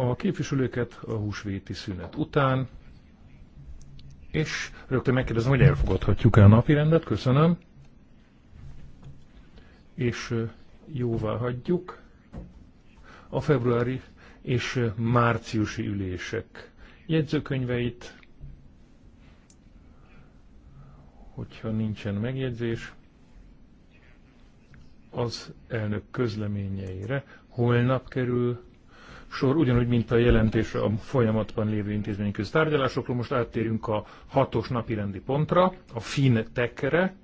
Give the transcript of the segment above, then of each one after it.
a képviselőket a húsvéti szünet után, és rögtön megkérdezem, hogy elfogadhatjuk-e a napi rendet, köszönöm, és jóvá hagyjuk a februári és márciusi ülések jegyzőkönyveit, hogyha nincsen megjegyzés, az elnök közleményeire holnap kerül sor, ugyanúgy, mint a jelentés a folyamatban lévő intézmény tárgyalásokról. Most áttérünk a hatos napi rendi pontra, a fintekre,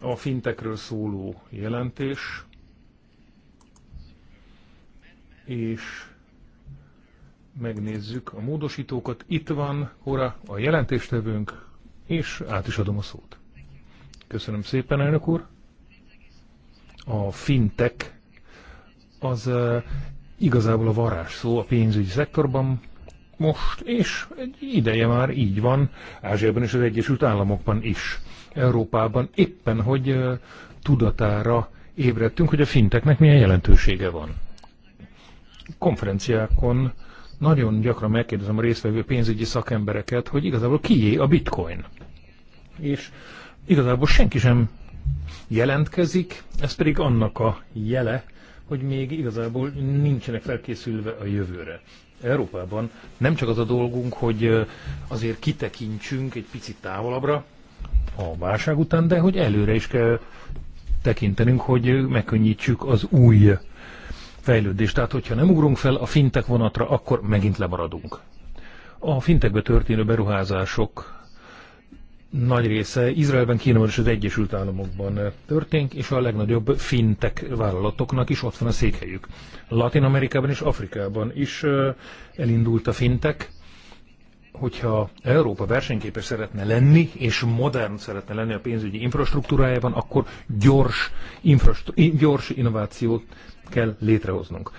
a fintekről szóló jelentés, és megnézzük a módosítókat. Itt van Hora, a jelentéstevőnk, és át is adom a szót. Köszönöm szépen, elnök úr. A fintek az igazából a varázs szó a pénzügyi szektorban most, és egy ideje már így van, Ázsiában és az Egyesült Államokban is. Európában éppen, hogy tudatára ébredtünk, hogy a finteknek milyen jelentősége van. Konferenciákon nagyon gyakran megkérdezem a résztvevő pénzügyi szakembereket, hogy igazából kié a bitcoin. És igazából senki sem jelentkezik, ez pedig annak a jele, hogy még igazából nincsenek felkészülve a jövőre. Európában nem csak az a dolgunk, hogy azért kitekintsünk egy picit távolabbra a válság után, de hogy előre is kell tekintenünk, hogy megkönnyítsük az új fejlődést. Tehát, hogyha nem ugrunk fel a fintek vonatra, akkor megint lemaradunk. A fintekbe történő beruházások nagy része Izraelben, Kínában és az Egyesült Államokban történik, és a legnagyobb fintek vállalatoknak is ott van a székhelyük. Latin Amerikában és Afrikában is elindult a fintek, hogyha Európa versenyképes szeretne lenni, és modern szeretne lenni a pénzügyi infrastruktúrájában, akkor gyors, infrastru- gyors innovációt kell létrehoznunk.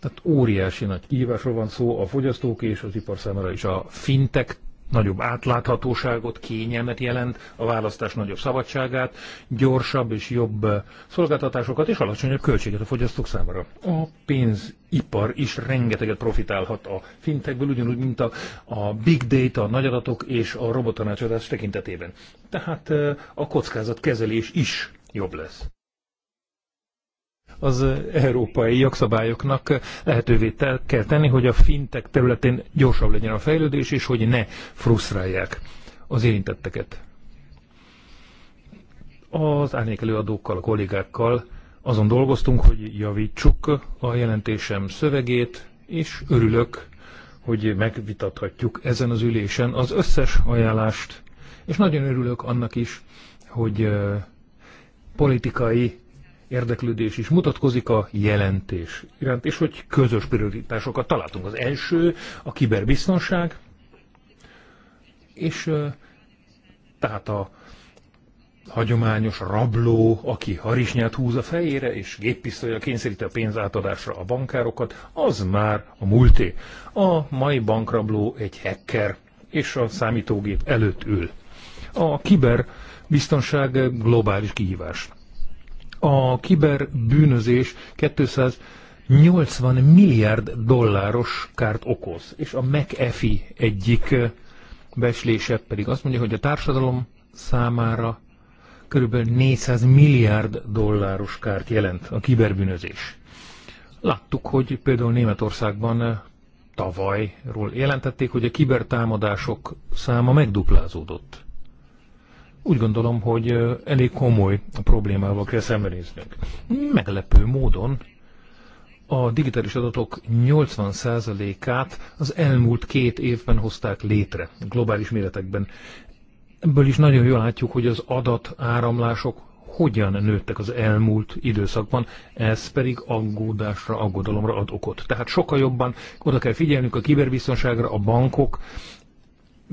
Tehát óriási nagy kihívásról van szó a fogyasztók és az ipar számára is. A fintek nagyobb átláthatóságot, kényelmet jelent, a választás nagyobb szabadságát, gyorsabb és jobb szolgáltatásokat és alacsonyabb költséget a fogyasztók számára. A pénzipar is rengeteget profitálhat a fintekből, ugyanúgy, mint a, a big data, a nagyadatok és a robottanácsadás tekintetében. Tehát eh, a kockázatkezelés is jobb lesz az európai jogszabályoknak lehetővé kell tenni, hogy a fintek területén gyorsabb legyen a fejlődés, és hogy ne frusztrálják az érintetteket. Az árnyékelőadókkal, a kollégákkal azon dolgoztunk, hogy javítsuk a jelentésem szövegét, és örülök, hogy megvitathatjuk ezen az ülésen az összes ajánlást, és nagyon örülök annak is, hogy politikai érdeklődés is mutatkozik a jelentés iránt, és hogy közös prioritásokat találtunk. Az első a kiberbiztonság, és tehát a hagyományos rabló, aki harisnyát húz a fejére, és géppisztolya kényszeríti a pénzátadásra a bankárokat, az már a múlté. A mai bankrabló egy hacker, és a számítógép előtt ül. A kiberbiztonság globális kihívás. A kiberbűnözés 280 milliárd dolláros kárt okoz, és a McAfee egyik beslése pedig azt mondja, hogy a társadalom számára körülbelül 400 milliárd dolláros kárt jelent a kiberbűnözés. Láttuk, hogy például Németországban tavalyról jelentették, hogy a kibertámadások száma megduplázódott. Úgy gondolom, hogy elég komoly a problémával kell szembenéznünk. Meglepő módon a digitális adatok 80%-át az elmúlt két évben hozták létre globális méretekben. Ebből is nagyon jól látjuk, hogy az adatáramlások hogyan nőttek az elmúlt időszakban, ez pedig aggódásra, aggodalomra ad okot. Tehát sokkal jobban oda kell figyelnünk a kiberbiztonságra, a bankok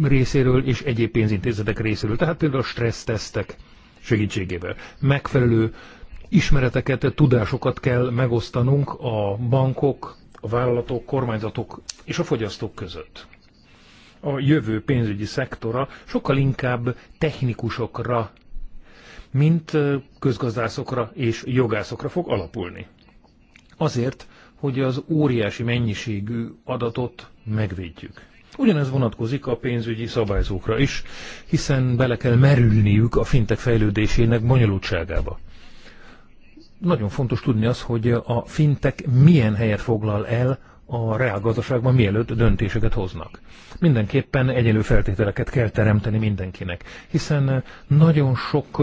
részéről és egyéb pénzintézetek részéről, tehát például a stressztesztek segítségével. Megfelelő ismereteket, tudásokat kell megosztanunk a bankok, a vállalatok, kormányzatok és a fogyasztók között. A jövő pénzügyi szektora sokkal inkább technikusokra, mint közgazdászokra és jogászokra fog alapulni. Azért, hogy az óriási mennyiségű adatot megvédjük. Ugyanez vonatkozik a pénzügyi szabályzókra is, hiszen bele kell merülniük a fintek fejlődésének bonyolultságába. Nagyon fontos tudni az, hogy a fintek milyen helyet foglal el a reálgazdaságban mielőtt döntéseket hoznak. Mindenképpen egyenlő feltételeket kell teremteni mindenkinek, hiszen nagyon sok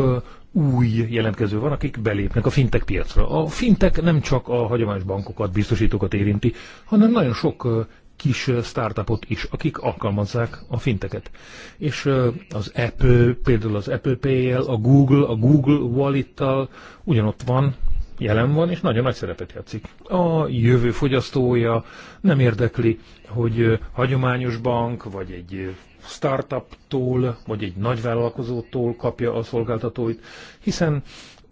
új jelentkező van, akik belépnek a fintek piacra. A fintek nem csak a hagyományos bankokat, biztosítókat érinti, hanem nagyon sok kis startupot is, akik alkalmazzák a finteket. És az Apple, például az Apple Pay-jel, a Google, a Google Wallet-tal ugyanott van, jelen van, és nagyon nagy szerepet játszik. A jövő fogyasztója nem érdekli, hogy hagyományos bank, vagy egy startuptól, vagy egy nagyvállalkozótól kapja a szolgáltatóit, hiszen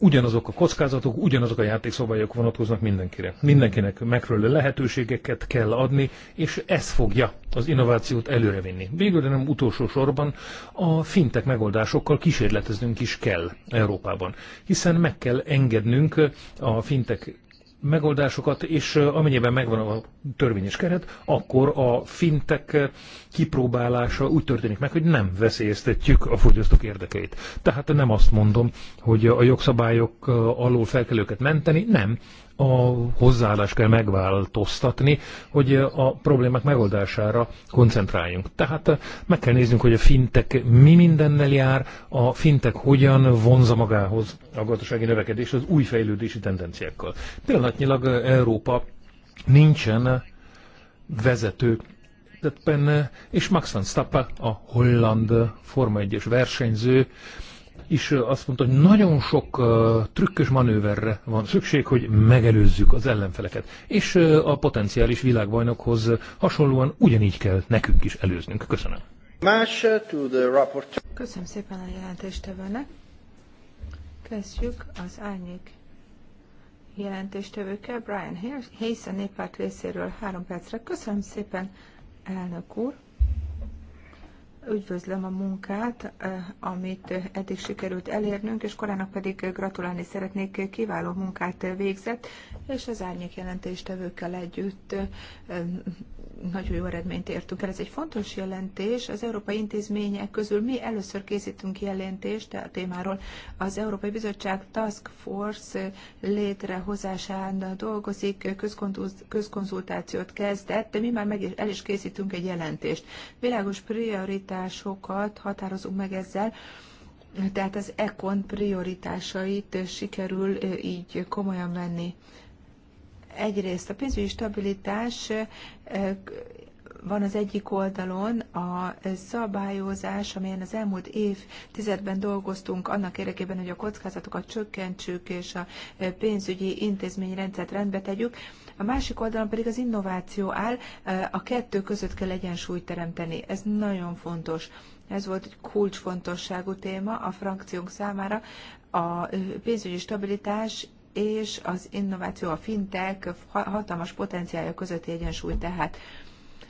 ugyanazok a kockázatok, ugyanazok a játékszabályok vonatkoznak mindenkire. Mindenkinek megfelelő lehetőségeket kell adni, és ez fogja az innovációt előrevinni. Végül, de nem utolsó sorban a fintek megoldásokkal kísérleteznünk is kell Európában, hiszen meg kell engednünk a fintek megoldásokat, és amennyiben megvan a törvényes keret, akkor a fintek kipróbálása úgy történik meg, hogy nem veszélyeztetjük a fogyasztók érdekeit. Tehát nem azt mondom, hogy a jogszabályok alól fel kell őket menteni, nem a hozzáállást kell megváltoztatni, hogy a problémák megoldására koncentráljunk. Tehát meg kell néznünk, hogy a fintek mi mindennel jár, a fintek hogyan vonza magához a gazdasági növekedés, az új fejlődési tendenciákkal. Pillanatnyilag Európa nincsen vezető benne, és Max van Stappe, a holland Forma 1-es versenyző, is azt mondta, hogy nagyon sok uh, trükkös manőverre van szükség, hogy megelőzzük az ellenfeleket. És uh, a potenciális világbajnokhoz hasonlóan ugyanígy kell nekünk is előznünk. Köszönöm. Köszönöm szépen a jelentéstevőnek. Kezdjük az árnyék jelentéstevőkkel. Brian Hayes a néppárt részéről három percre. Köszönöm szépen, elnök úr. Üdvözlöm a munkát, eh, amit eddig sikerült elérnünk, és korának pedig gratulálni szeretnék, kiváló munkát végzett, és az árnyék jelentéstevőkkel együtt eh, nagyon jó eredményt értünk el. Ez egy fontos jelentés. Az európai intézmények közül mi először készítünk jelentést a témáról. Az Európai Bizottság Task Force létrehozásán dolgozik, közkonzultációt kezdett, de mi már meg is, el is készítünk egy jelentést. Világos prioritásokat határozunk meg ezzel, tehát az ECON prioritásait sikerül így komolyan venni. Egyrészt a pénzügyi stabilitás van az egyik oldalon a szabályozás, amelyen az elmúlt tizedben dolgoztunk annak érdekében, hogy a kockázatokat csökkentsük és a pénzügyi intézményrendszert rendbe tegyük. A másik oldalon pedig az innováció áll, a kettő között kell egyensúlyt teremteni. Ez nagyon fontos. Ez volt egy kulcsfontosságú téma a frakciónk számára, a pénzügyi stabilitás és az innováció, a fintek hatalmas potenciálja közötti egyensúly tehát.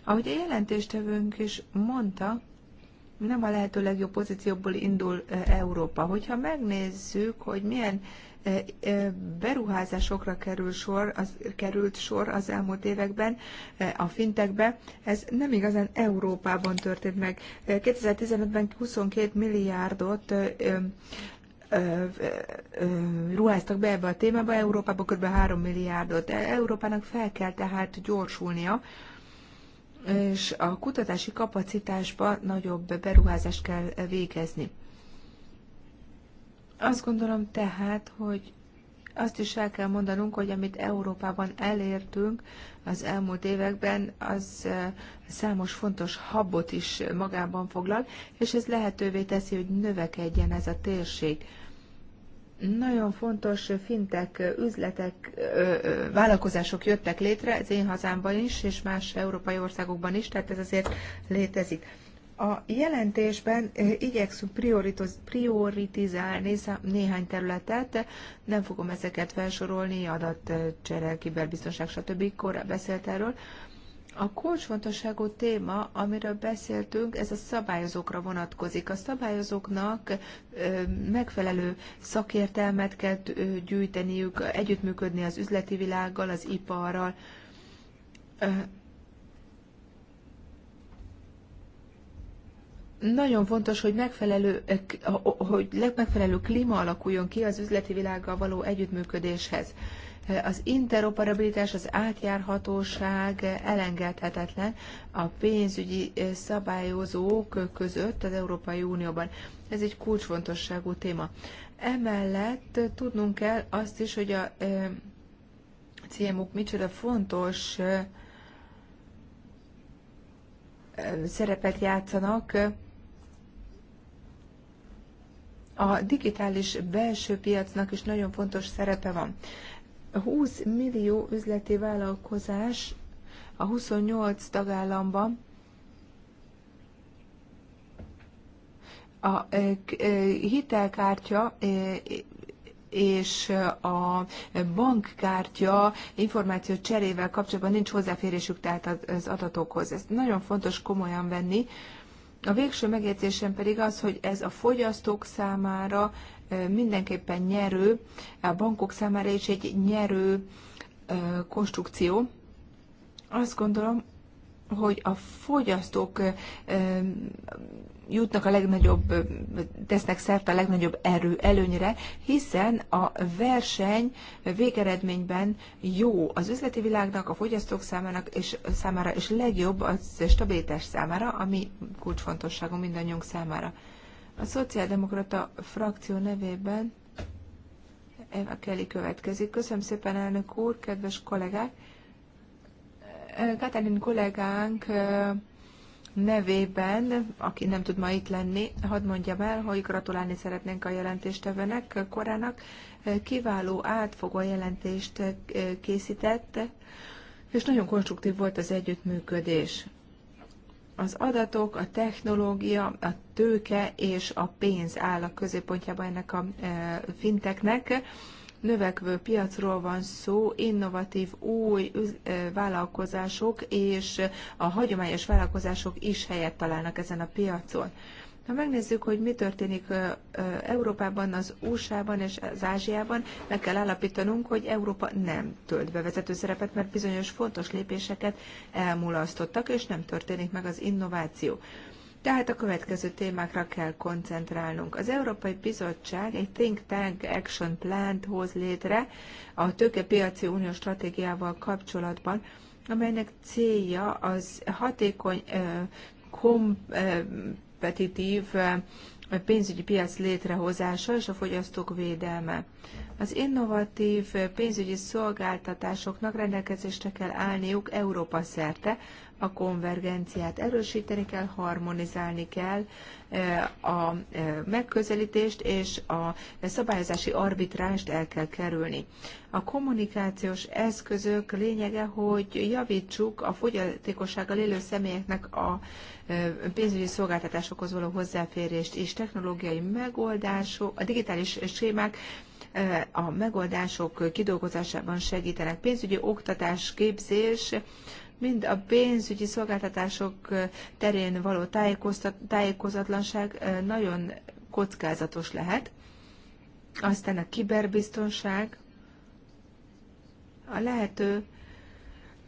Ahogy a jelentéstevőnk is mondta, nem a lehető legjobb pozícióból indul Európa. Hogyha megnézzük, hogy milyen beruházásokra kerül sor, az, került sor az elmúlt években a fintekbe. Ez nem igazán Európában történt meg. 2015-ben 22 milliárdot ruháztak be ebbe a témába, Európában kb. 3 milliárdot. E, Európának fel kell tehát gyorsulnia, és a kutatási kapacitásba nagyobb beruházást kell végezni. Azt gondolom tehát, hogy azt is el kell mondanunk, hogy amit Európában elértünk az elmúlt években, az számos fontos habot is magában foglal, és ez lehetővé teszi, hogy növekedjen ez a térség nagyon fontos fintek, üzletek, vállalkozások jöttek létre, az én hazámban is, és más európai országokban is, tehát ez azért létezik. A jelentésben eh, igyekszünk prioritizálni néhány területet, nem fogom ezeket felsorolni, adatcsere, kiberbiztonság, stb. Korra beszélt erről. A kulcsfontosságú téma, amiről beszéltünk, ez a szabályozókra vonatkozik. A szabályozóknak megfelelő szakértelmet kell gyűjteniük, együttműködni az üzleti világgal, az iparral, nagyon fontos, hogy megfelelő, hogy megfelelő klíma alakuljon ki az üzleti világgal való együttműködéshez. Az interoperabilitás, az átjárhatóság elengedhetetlen a pénzügyi szabályozók között az Európai Unióban. Ez egy kulcsfontosságú téma. Emellett tudnunk kell azt is, hogy a CMU-k micsoda fontos szerepet játszanak a digitális belső piacnak is nagyon fontos szerepe van. 20 millió üzleti vállalkozás a 28 tagállamban a e, e, hitelkártya e, és a bankkártya információ cserével kapcsolatban nincs hozzáférésük tehát az adatokhoz. Ezt nagyon fontos komolyan venni, a végső megértésem pedig az, hogy ez a fogyasztók számára mindenképpen nyerő, a bankok számára is egy nyerő konstrukció. Azt gondolom, hogy a fogyasztók jutnak a legnagyobb, tesznek szert a legnagyobb erő előnyre, hiszen a verseny végeredményben jó az üzleti világnak, a fogyasztók számának és számára, és legjobb az stabilitás számára, ami kulcsfontosságú mindannyiunk számára. A szociáldemokrata frakció nevében Eva Kelly következik. Köszönöm szépen, elnök úr, kedves kollégák! Katalin kollégánk nevében, aki nem tud ma itt lenni, hadd mondjam el, hogy gratulálni szeretnénk a jelentéstevőnek korának. Kiváló, átfogó jelentést készített, és nagyon konstruktív volt az együttműködés. Az adatok, a technológia, a tőke és a pénz áll a középpontjában ennek a finteknek növekvő piacról van szó, innovatív új vállalkozások és a hagyományos vállalkozások is helyet találnak ezen a piacon. Ha megnézzük, hogy mi történik Európában, az USA-ban és az Ázsiában, meg kell állapítanunk, hogy Európa nem tölt be vezető szerepet, mert bizonyos fontos lépéseket elmulasztottak, és nem történik meg az innováció. Tehát a következő témákra kell koncentrálnunk. Az Európai Bizottság egy Think Tank Action Plant hoz létre a Tőkepiaci Unió stratégiával kapcsolatban, amelynek célja az hatékony, kompetitív pénzügyi piac létrehozása és a fogyasztók védelme. Az innovatív pénzügyi szolgáltatásoknak rendelkezésre kell állniuk Európa szerte, a konvergenciát erősíteni kell, harmonizálni kell e, a e, megközelítést, és a szabályozási arbitrást el kell kerülni. A kommunikációs eszközök lényege, hogy javítsuk a fogyatékossággal élő személyeknek a e, pénzügyi szolgáltatásokhoz való hozzáférést és technológiai megoldások, a digitális sémák a megoldások kidolgozásában segítenek. Pénzügyi oktatás, képzés mind a pénzügyi szolgáltatások terén való tájékozatlanság nagyon kockázatos lehet. Aztán a kiberbiztonság a lehető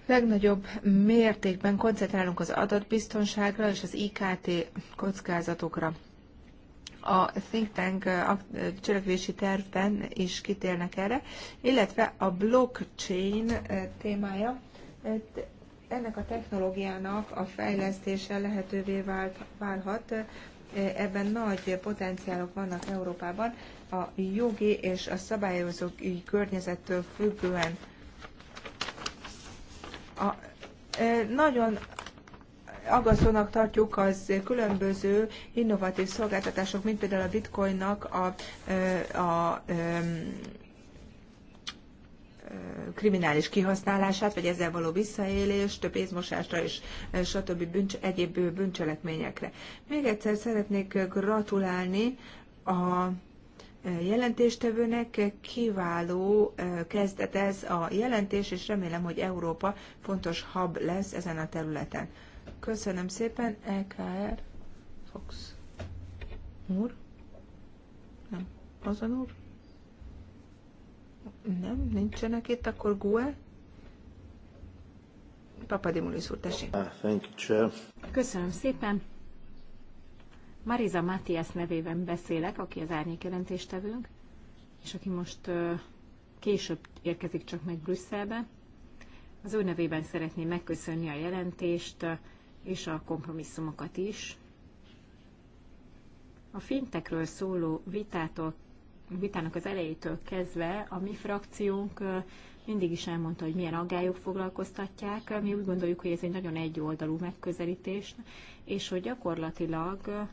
legnagyobb mértékben koncentrálunk az adatbiztonságra és az IKT kockázatokra. A think tank cselekvési tervben is kitérnek erre, illetve a blockchain témája ennek a technológiának a fejlesztése lehetővé vált, válhat. Ebben nagy potenciálok vannak Európában, a jogi és a szabályozó környezettől függően. A, e, nagyon aggasztónak tartjuk az különböző innovatív szolgáltatások, mint például a bitcoinnak a, e, a, a e, kriminális kihasználását, vagy ezzel való visszaélést, pénzmosásra és stb. Bűncs, egyéb bűncselekményekre. Még egyszer szeretnék gratulálni a jelentéstevőnek kiváló kezdet ez a jelentés, és remélem, hogy Európa fontos hub lesz ezen a területen. Köszönöm szépen, EKR Fox. Úr? Nem, azon úr? Nem, nincsenek itt, akkor GUE. Papadimulis úr, tessék. Ah, Köszönöm szépen. Mariza Matthias nevében beszélek, aki az árnyék jelentéstevőnk, és aki most később érkezik csak meg Brüsszelbe. Az ő nevében szeretném megköszönni a jelentést és a kompromisszumokat is. A fintekről szóló vitától vitának az elejétől kezdve a mi frakciónk mindig is elmondta, hogy milyen aggályok foglalkoztatják. Mi úgy gondoljuk, hogy ez egy nagyon egyoldalú megközelítés, és hogy gyakorlatilag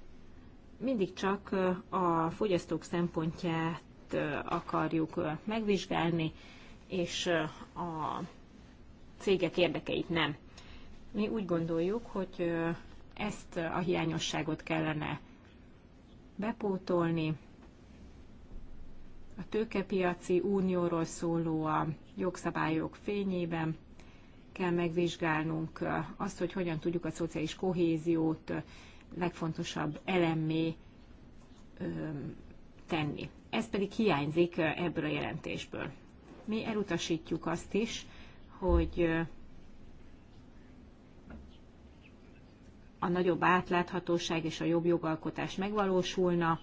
mindig csak a fogyasztók szempontját akarjuk megvizsgálni, és a cégek érdekeit nem. Mi úgy gondoljuk, hogy ezt a hiányosságot kellene bepótolni, a tőkepiaci unióról szóló a jogszabályok fényében kell megvizsgálnunk azt, hogy hogyan tudjuk a szociális kohéziót legfontosabb elemmé tenni. Ez pedig hiányzik ebből a jelentésből. Mi elutasítjuk azt is, hogy a nagyobb átláthatóság és a jobb jogalkotás megvalósulna.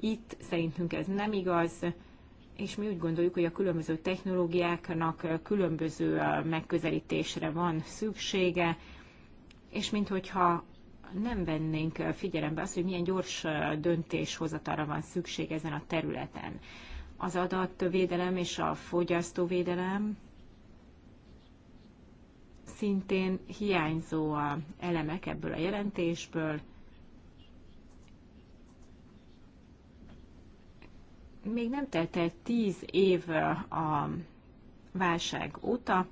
Itt szerintünk ez nem igaz, és mi úgy gondoljuk, hogy a különböző technológiáknak különböző megközelítésre van szüksége, és minthogyha nem vennénk figyelembe azt, hogy milyen gyors döntéshozatalra van szükség ezen a területen. Az adatvédelem és a fogyasztóvédelem szintén hiányzó elemek ebből a jelentésből, még nem telt el tíz év a válság óta,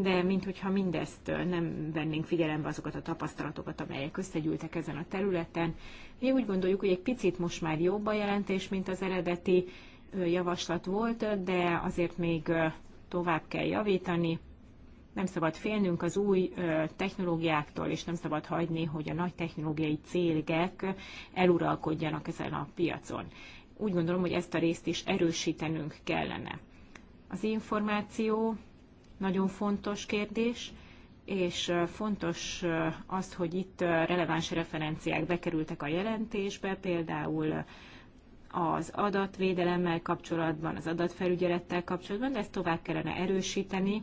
de minthogyha mindezt nem vennénk figyelembe azokat a tapasztalatokat, amelyek összegyűltek ezen a területen. Mi úgy gondoljuk, hogy egy picit most már jobb a jelentés, mint az eredeti javaslat volt, de azért még tovább kell javítani. Nem szabad félnünk az új technológiáktól, és nem szabad hagyni, hogy a nagy technológiai cégek eluralkodjanak ezen a piacon. Úgy gondolom, hogy ezt a részt is erősítenünk kellene. Az információ nagyon fontos kérdés, és fontos az, hogy itt releváns referenciák bekerültek a jelentésbe, például az adatvédelemmel kapcsolatban, az adatfelügyelettel kapcsolatban, de ezt tovább kellene erősíteni,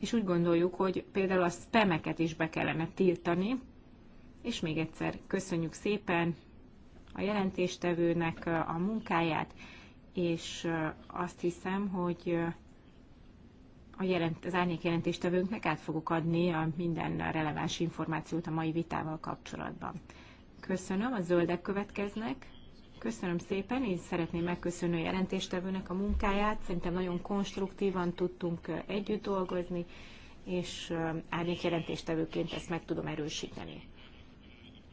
és úgy gondoljuk, hogy például a spameket is be kellene tiltani, és még egyszer köszönjük szépen a jelentéstevőnek a munkáját, és azt hiszem, hogy a jelent, az árnyék jelentéstevőnknek át fogok adni a minden releváns információt a mai vitával kapcsolatban. Köszönöm, a zöldek következnek. Köszönöm szépen, én szeretném megköszönni a jelentéstevőnek a munkáját. Szerintem nagyon konstruktívan tudtunk együtt dolgozni, és árnyék jelentéstevőként ezt meg tudom erősíteni.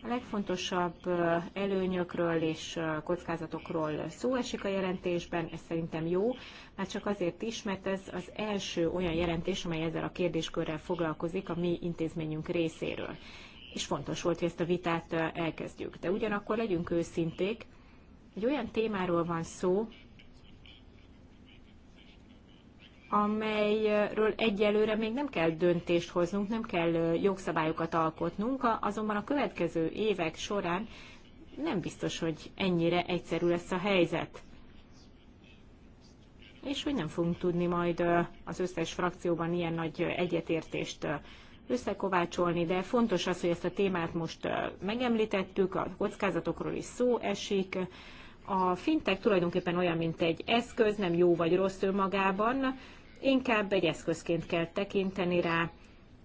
A legfontosabb előnyökről és kockázatokról szó esik a jelentésben, ez szerintem jó, már csak azért is, mert ez az első olyan jelentés, amely ezzel a kérdéskörrel foglalkozik a mi intézményünk részéről. És fontos volt, hogy ezt a vitát elkezdjük. De ugyanakkor legyünk őszinték, egy olyan témáról van szó, amelyről egyelőre még nem kell döntést hoznunk, nem kell jogszabályokat alkotnunk, azonban a következő évek során nem biztos, hogy ennyire egyszerű lesz a helyzet. És hogy nem fogunk tudni majd az összes frakcióban ilyen nagy egyetértést összekovácsolni, de fontos az, hogy ezt a témát most megemlítettük, a kockázatokról is szó esik, a fintek tulajdonképpen olyan, mint egy eszköz, nem jó vagy rossz önmagában, inkább egy eszközként kell tekinteni rá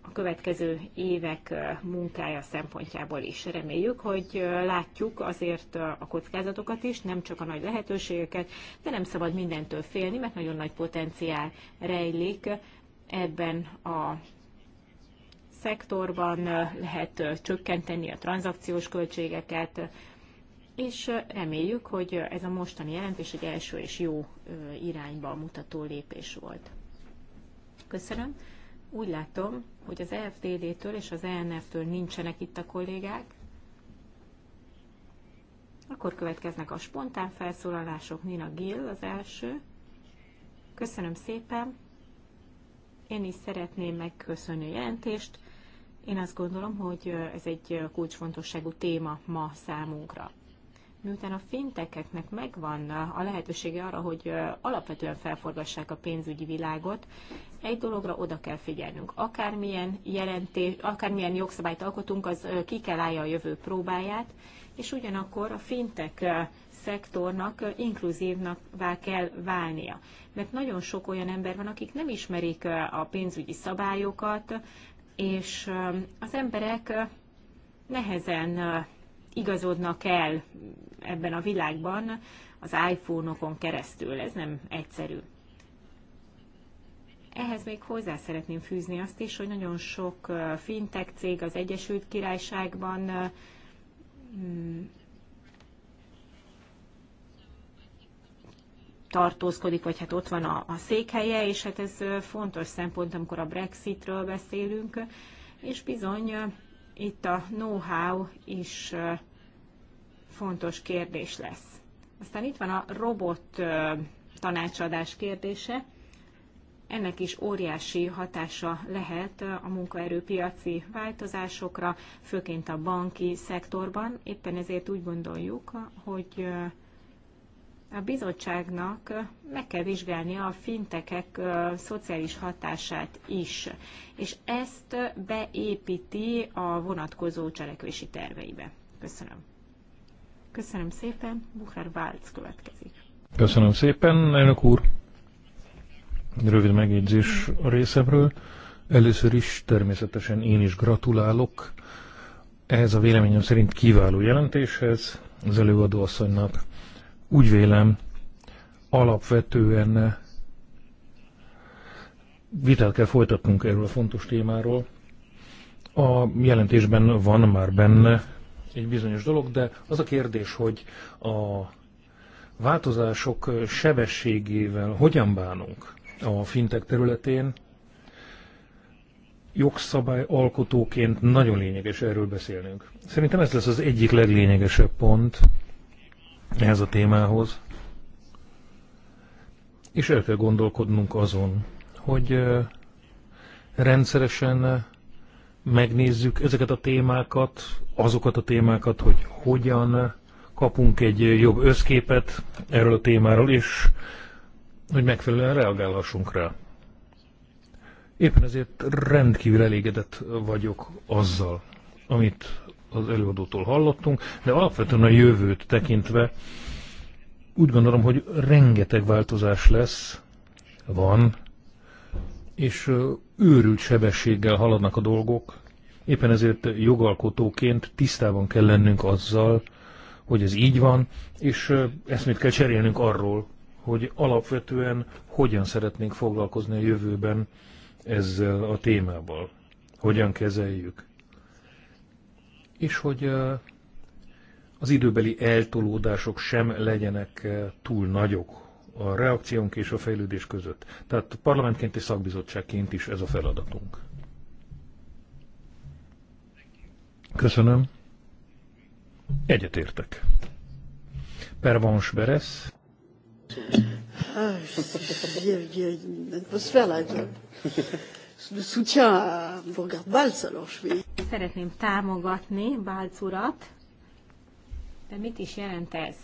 a következő évek munkája szempontjából is. Reméljük, hogy látjuk azért a kockázatokat is, nem csak a nagy lehetőségeket, de nem szabad mindentől félni, mert nagyon nagy potenciál rejlik ebben a szektorban lehet csökkenteni a tranzakciós költségeket, és reméljük, hogy ez a mostani jelentés egy első és jó irányba mutató lépés volt. Köszönöm. Úgy látom, hogy az EFDD-től és az ENF-től nincsenek itt a kollégák. Akkor következnek a spontán felszólalások. Nina Gill az első. Köszönöm szépen. Én is szeretném megköszönni a jelentést. Én azt gondolom, hogy ez egy kulcsfontosságú téma ma számunkra miután a fintekeknek megvan a lehetősége arra, hogy alapvetően felforgassák a pénzügyi világot, egy dologra oda kell figyelnünk. Akármilyen, jelentés, akármilyen jogszabályt alkotunk, az ki kell állja a jövő próbáját, és ugyanakkor a fintek szektornak vá kell válnia. Mert nagyon sok olyan ember van, akik nem ismerik a pénzügyi szabályokat, és az emberek nehezen igazodnak el ebben a világban az iPhone-okon keresztül. Ez nem egyszerű. Ehhez még hozzá szeretném fűzni azt is, hogy nagyon sok fintech cég az Egyesült Királyságban mm, tartózkodik, vagy hát ott van a, a székhelye, és hát ez fontos szempont, amikor a Brexitről beszélünk, és bizony itt a know-how is fontos kérdés lesz. Aztán itt van a robot tanácsadás kérdése. Ennek is óriási hatása lehet a munkaerőpiaci változásokra, főként a banki szektorban. Éppen ezért úgy gondoljuk, hogy a bizottságnak meg kell vizsgálnia a fintekek szociális hatását is, és ezt beépíti a vonatkozó cselekvési terveibe. Köszönöm. Köszönöm szépen, Bukhár Válc következik. Köszönöm szépen, elnök úr. Rövid megjegyzés a részemről. Először is természetesen én is gratulálok ehhez a véleményem szerint kiváló jelentéshez, az előadó asszonynak úgy vélem, alapvetően eh, vitát kell folytatnunk erről a fontos témáról. A jelentésben van már benne egy bizonyos dolog, de az a kérdés, hogy a változások sebességével hogyan bánunk a fintek területén, jogszabály alkotóként nagyon lényeges erről beszélnünk. Szerintem ez lesz az egyik leglényegesebb pont, ehhez a témához, és el kell gondolkodnunk azon, hogy rendszeresen megnézzük ezeket a témákat, azokat a témákat, hogy hogyan kapunk egy jobb összképet erről a témáról, és hogy megfelelően reagálhassunk rá. Éppen ezért rendkívül elégedett vagyok azzal, amit az előadótól hallottunk, de alapvetően a jövőt tekintve úgy gondolom, hogy rengeteg változás lesz, van, és őrült sebességgel haladnak a dolgok. Éppen ezért jogalkotóként tisztában kell lennünk azzal, hogy ez így van, és eszmét kell cserélnünk arról, hogy alapvetően hogyan szeretnénk foglalkozni a jövőben ezzel a témával. Hogyan kezeljük és hogy az időbeli eltolódások sem legyenek túl nagyok a reakciónk és a fejlődés között. Tehát parlamentként és szakbizottságként is ez a feladatunk. Köszönöm. Egyetértek. Pervans Beresz. Ah, je, je, je, je, Szeretném támogatni Balz urat. De mit is jelent ez?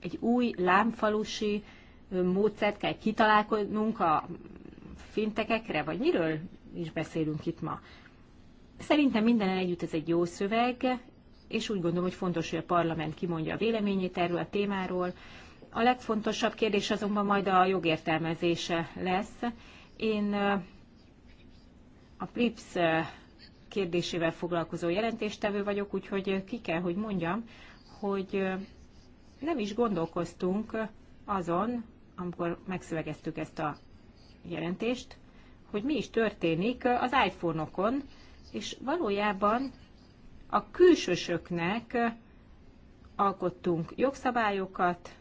Egy új lámfalusi módszert kell kitalálkodnunk a fintekekre, vagy miről is beszélünk itt ma? Szerintem minden együtt ez egy jó szöveg, és úgy gondolom, hogy fontos, hogy a parlament kimondja a véleményét erről a témáról. A legfontosabb kérdés azonban majd a jogértelmezése lesz, én a PRIPS kérdésével foglalkozó jelentéstevő vagyok, úgyhogy ki kell, hogy mondjam, hogy nem is gondolkoztunk azon, amikor megszövegeztük ezt a jelentést, hogy mi is történik az iPhone-okon, és valójában a külsősöknek alkottunk jogszabályokat,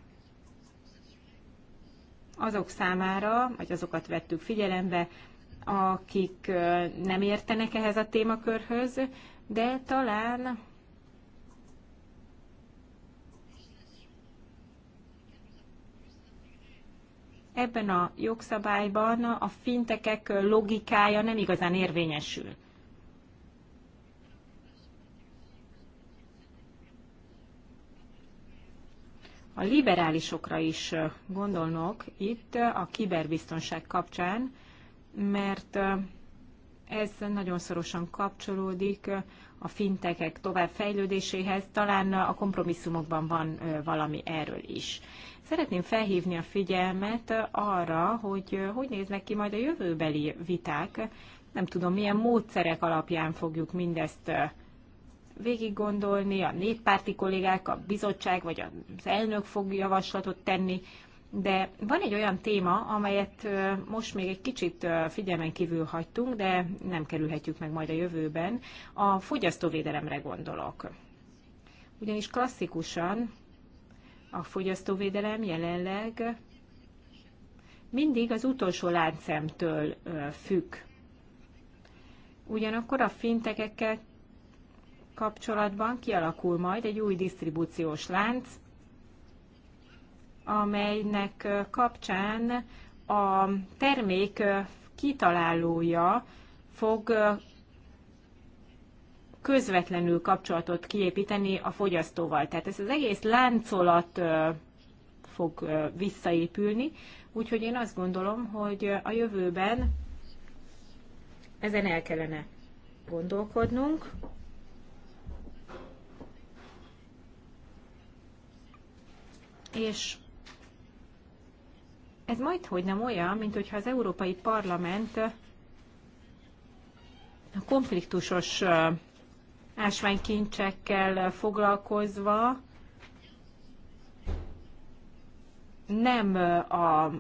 azok számára, vagy azokat vettük figyelembe, akik nem értenek ehhez a témakörhöz, de talán ebben a jogszabályban a fintekek logikája nem igazán érvényesül. a liberálisokra is gondolnok itt a kiberbiztonság kapcsán, mert ez nagyon szorosan kapcsolódik a fintekek továbbfejlődéséhez, talán a kompromisszumokban van valami erről is. Szeretném felhívni a figyelmet arra, hogy hogy néznek ki majd a jövőbeli viták, nem tudom, milyen módszerek alapján fogjuk mindezt végig gondolni, a néppárti kollégák, a bizottság vagy az elnök fog javaslatot tenni, de van egy olyan téma, amelyet most még egy kicsit figyelmen kívül hagytunk, de nem kerülhetjük meg majd a jövőben. A fogyasztóvédelemre gondolok. Ugyanis klasszikusan a fogyasztóvédelem jelenleg mindig az utolsó láncemtől függ. Ugyanakkor a fintekeket kapcsolatban kialakul majd egy új disztribúciós lánc, amelynek kapcsán a termék kitalálója fog közvetlenül kapcsolatot kiépíteni a fogyasztóval. Tehát ez az egész láncolat fog visszaépülni, úgyhogy én azt gondolom, hogy a jövőben ezen el kellene gondolkodnunk. és ez majd hogy nem olyan, mint hogyha az Európai Parlament a konfliktusos ásványkincsekkel foglalkozva nem a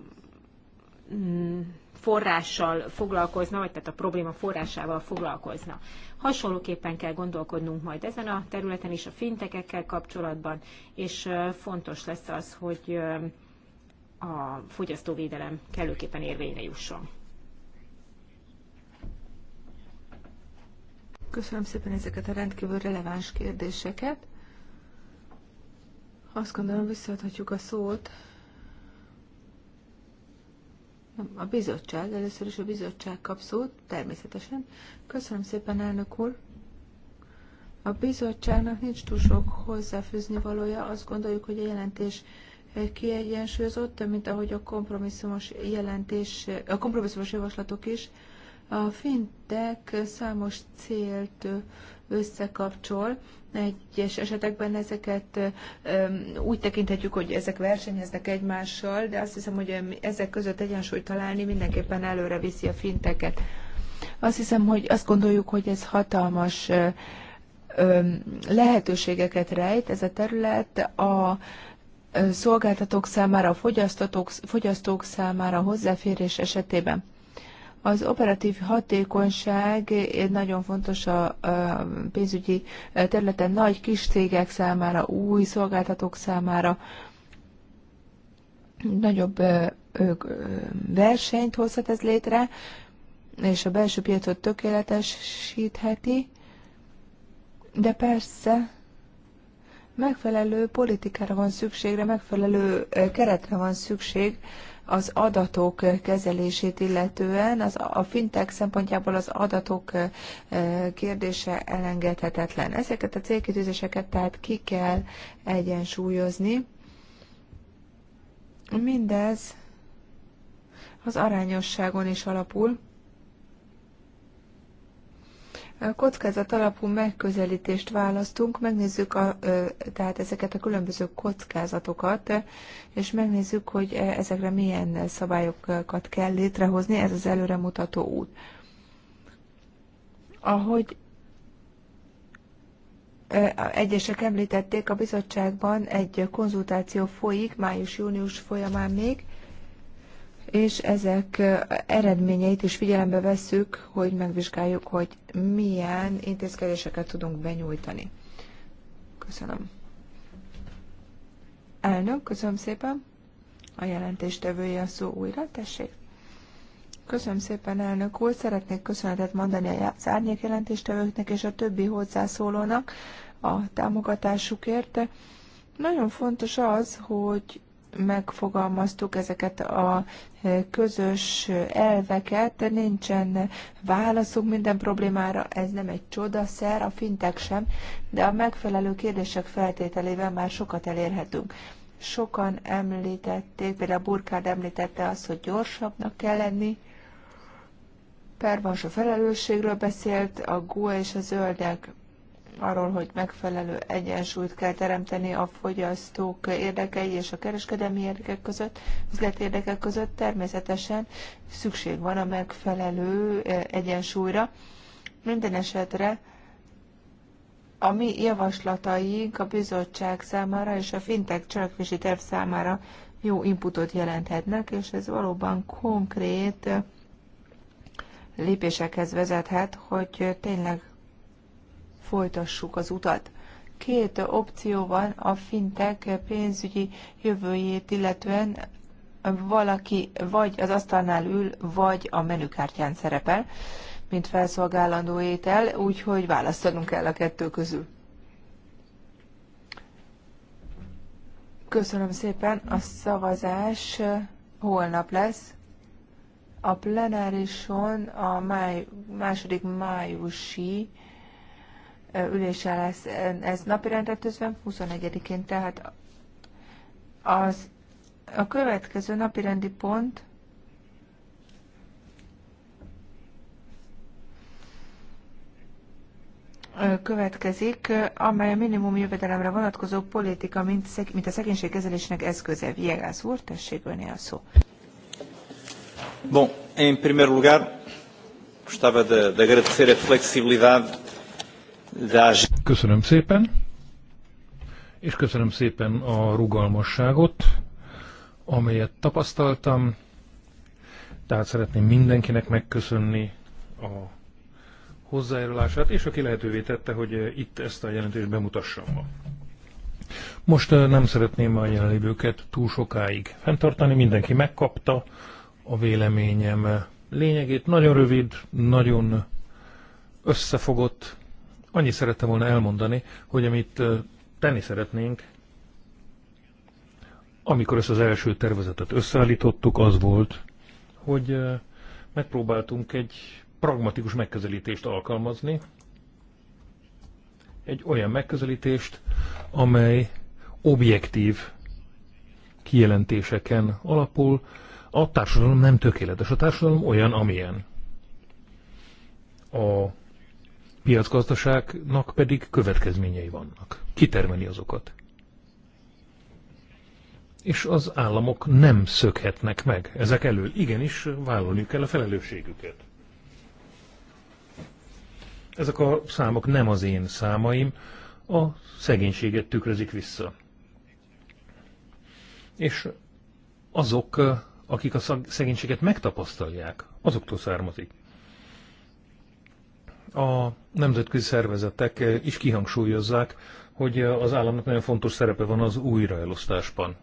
forrással foglalkozna, vagy tehát a probléma forrásával foglalkozna. Hasonlóképpen kell gondolkodnunk majd ezen a területen is, a fintekekkel kapcsolatban, és fontos lesz az, hogy a fogyasztóvédelem kellőképpen érvényre jusson. Köszönöm szépen ezeket a rendkívül releváns kérdéseket. Azt gondolom, visszaadhatjuk a szót a bizottság, először is a bizottság kap szót, természetesen. Köszönöm szépen, elnök úr. A bizottságnak nincs túl sok hozzáfűzni valója. Azt gondoljuk, hogy a jelentés kiegyensúlyozott, mint ahogy a kompromisszumos jelentés, a kompromisszumos javaslatok is. A fintek számos célt összekapcsol, egyes esetekben ezeket úgy tekinthetjük, hogy ezek versenyeznek egymással, de azt hiszem, hogy ezek között egyensúlyt találni mindenképpen előre viszi a finteket. Azt hiszem, hogy azt gondoljuk, hogy ez hatalmas lehetőségeket rejt ez a terület a szolgáltatók számára, a fogyasztók, számára a hozzáférés esetében. Az operatív hatékonyság nagyon fontos a pénzügyi területen nagy kis cégek számára, új szolgáltatók számára. Nagyobb versenyt hozhat ez létre, és a belső piacot tökéletesítheti, de persze megfelelő politikára van szükségre, megfelelő keretre van szükség az adatok kezelését illetően, az, a fintech szempontjából az adatok kérdése elengedhetetlen. Ezeket a célkitűzéseket tehát ki kell egyensúlyozni. Mindez az arányosságon is alapul kockázat alapú megközelítést választunk, megnézzük a, tehát ezeket a különböző kockázatokat, és megnézzük, hogy e, ezekre milyen szabályokat kell létrehozni, ez az előremutató út. Ahogy egyesek említették, a bizottságban egy konzultáció folyik, május-június folyamán még, és ezek eredményeit is figyelembe vesszük, hogy megvizsgáljuk, hogy milyen intézkedéseket tudunk benyújtani. Köszönöm. Elnök, köszönöm szépen. A jelentéstevője a szó újra, tessék. Köszönöm szépen, elnök úr. Szeretnék köszönetet mondani a szárnyék jelentéstevőknek és a többi hozzászólónak a támogatásukért. Nagyon fontos az, hogy megfogalmaztuk ezeket a e, közös elveket, de nincsen válaszunk minden problémára, ez nem egy csodaszer, a fintek sem, de a megfelelő kérdések feltételével már sokat elérhetünk. Sokan említették, például Burkád említette azt, hogy gyorsabbnak kell lenni, Pervas a felelősségről beszélt, a gó és a zöldek arról, hogy megfelelő egyensúlyt kell teremteni a fogyasztók érdekei és a kereskedelmi érdekek között, üzleti érdekek között, természetesen szükség van a megfelelő eh, egyensúlyra. Minden esetre a mi javaslataink a bizottság számára és a fintek cselekvési terv számára jó inputot jelenthetnek, és ez valóban konkrét eh, lépésekhez vezethet, hogy tényleg folytassuk az utat. Két opció van a fintek pénzügyi jövőjét, illetően valaki vagy az asztalnál ül, vagy a menükártyán szerepel, mint felszolgálandó étel, úgyhogy választanunk kell a kettő közül. Köszönöm szépen, a szavazás holnap lesz. A plenárison a máj, második májusi ülése lesz ez napirendre tűzve, 21-én, tehát az a következő napirendi pont következik, amely a minimum jövedelemre vonatkozó politika, mint, szeg, mint a szegénységkezelésnek eszköze. Viegász úr, tessék önni a szó. Bon, em primeiro lugar, gostava de, de agradecer a flexibilidade Köszönöm szépen, és köszönöm szépen a rugalmasságot, amelyet tapasztaltam. Tehát szeretném mindenkinek megköszönni a hozzájárulását, és aki lehetővé tette, hogy itt ezt a jelentést bemutassam ma. Most nem szeretném a jelenlévőket túl sokáig fenntartani, mindenki megkapta a véleményem lényegét. Nagyon rövid, nagyon összefogott, Annyi szerettem volna elmondani, hogy amit tenni szeretnénk, amikor ezt az első tervezetet összeállítottuk, az volt, hogy megpróbáltunk egy pragmatikus megközelítést alkalmazni, egy olyan megközelítést, amely objektív kijelentéseken alapul. A társadalom nem tökéletes, a társadalom olyan, amilyen. A piacgazdaságnak pedig következményei vannak. Kitermeli azokat. És az államok nem szökhetnek meg ezek elől. Igenis, vállalniuk kell a felelősségüket. Ezek a számok nem az én számaim, a szegénységet tükrözik vissza. És azok, akik a szegénységet megtapasztalják, azoktól származik. A nemzetközi szervezetek eh, is kihangsúlyozzák, hogy eh, az államnak nagyon fontos szerepe van az újraelosztásban.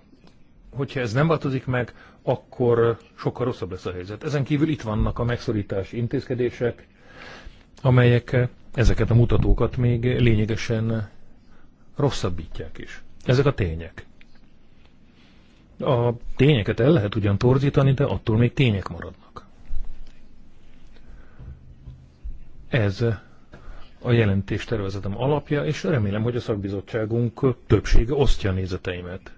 Hogyha ez nem változik meg, akkor eh, sokkal rosszabb lesz a helyzet. Ezen kívül itt vannak a megszorítási intézkedések, amelyek ezeket a mutatókat még lényegesen rosszabbítják is. Ezek a tények. A tényeket el lehet ugyan torzítani, de attól még tények maradnak. Ez a jelentés tervezetem alapja, és remélem, hogy a szakbizottságunk többsége osztja a nézeteimet.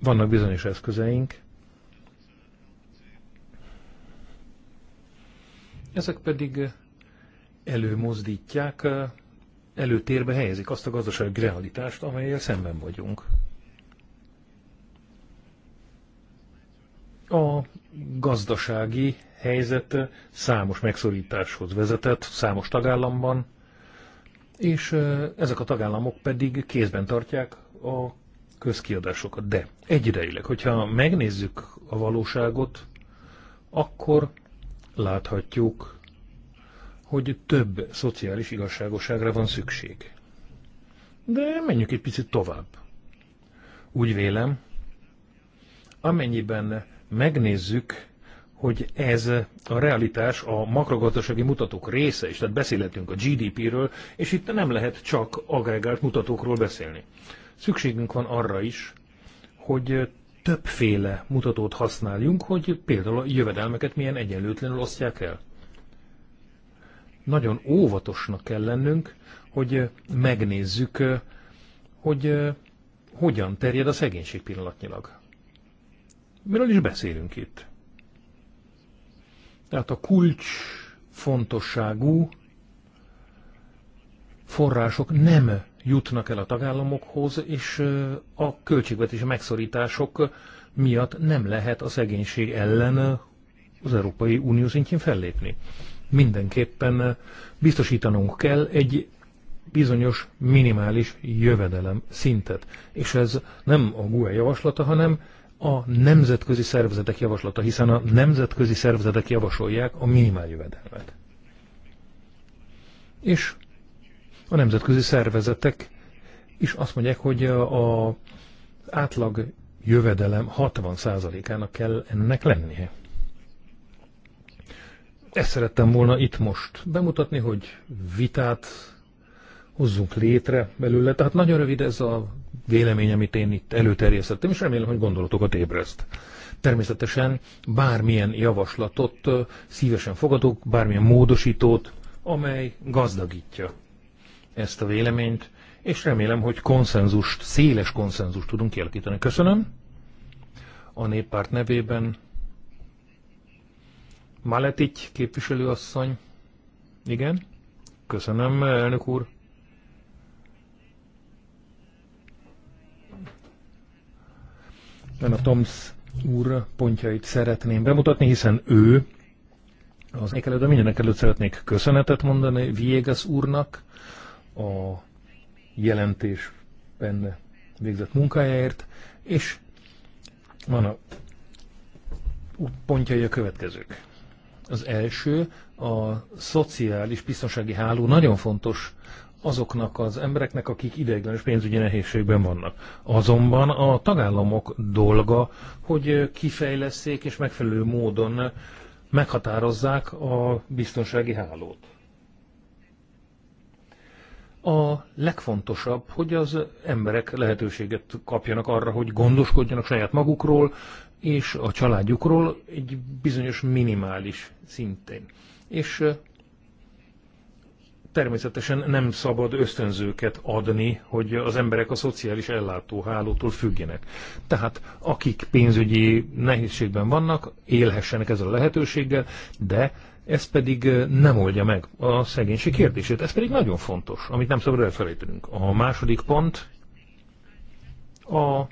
Vannak bizonyos eszközeink, ezek pedig előmozdítják, előtérbe helyezik azt a gazdasági realitást, amelyel szemben vagyunk. A gazdasági helyzet számos megszorításhoz vezetett számos tagállamban, és ezek a tagállamok pedig kézben tartják a közkiadásokat. De egyidejileg, hogyha megnézzük a valóságot, akkor láthatjuk, hogy több szociális igazságoságra van szükség. De menjünk egy picit tovább. Úgy vélem, amennyiben megnézzük hogy ez a realitás a makrogazdasági mutatók része is, tehát beszélhetünk a GDP-ről, és itt nem lehet csak agregált mutatókról beszélni. Szükségünk van arra is, hogy többféle mutatót használjunk, hogy például a jövedelmeket milyen egyenlőtlenül osztják el. Nagyon óvatosnak kell lennünk, hogy megnézzük, hogy eh, hogyan terjed a szegénység pillanatnyilag. Miről is beszélünk itt? Tehát a kulcs fontosságú források nem jutnak el a tagállamokhoz, és a költségvetési megszorítások miatt nem lehet a szegénység ellen az Európai Unió szintjén fellépni. Mindenképpen biztosítanunk kell egy bizonyos minimális jövedelem szintet. És ez nem a GUE javaslata, hanem a nemzetközi szervezetek javaslata, hiszen a nemzetközi szervezetek javasolják a minimál jövedelmet. És a nemzetközi szervezetek is azt mondják, hogy a átlag jövedelem 60%-ának kell ennek lennie. Ezt szerettem volna itt most bemutatni, hogy vitát hozzunk létre belőle. Tehát nagyon rövid ez a vélemény, amit én itt előterjesztettem, és remélem, hogy gondolatokat ébreszt. Természetesen bármilyen javaslatot szívesen fogadok, bármilyen módosítót, amely gazdagítja ezt a véleményt, és remélem, hogy konszenzust, széles konszenzust tudunk kialakítani. Köszönöm. A néppárt nevében Maletic képviselőasszony. Igen. Köszönöm, elnök úr. Ön a Toms úr pontjait szeretném bemutatni, hiszen ő az előtt, de mindenek előtt szeretnék köszönetet mondani Viegas úrnak a jelentésben végzett munkájáért, és van a pontjai a következők. Az első, a szociális biztonsági háló nagyon fontos azoknak az embereknek, akik ideiglenes pénzügyi nehézségben vannak. Azonban a tagállamok dolga, hogy kifejleszék és megfelelő módon meghatározzák a biztonsági hálót. A legfontosabb, hogy az emberek lehetőséget kapjanak arra, hogy gondoskodjanak saját magukról és a családjukról egy bizonyos minimális szinten. És természetesen nem szabad ösztönzőket adni, hogy az emberek a szociális ellátóhálótól függjenek. Tehát akik pénzügyi nehézségben vannak, élhessenek ezzel a lehetőséggel, de ez pedig nem oldja meg a szegénység kérdését. Ez pedig nagyon fontos, amit nem szabad elfelejtenünk. A második pont a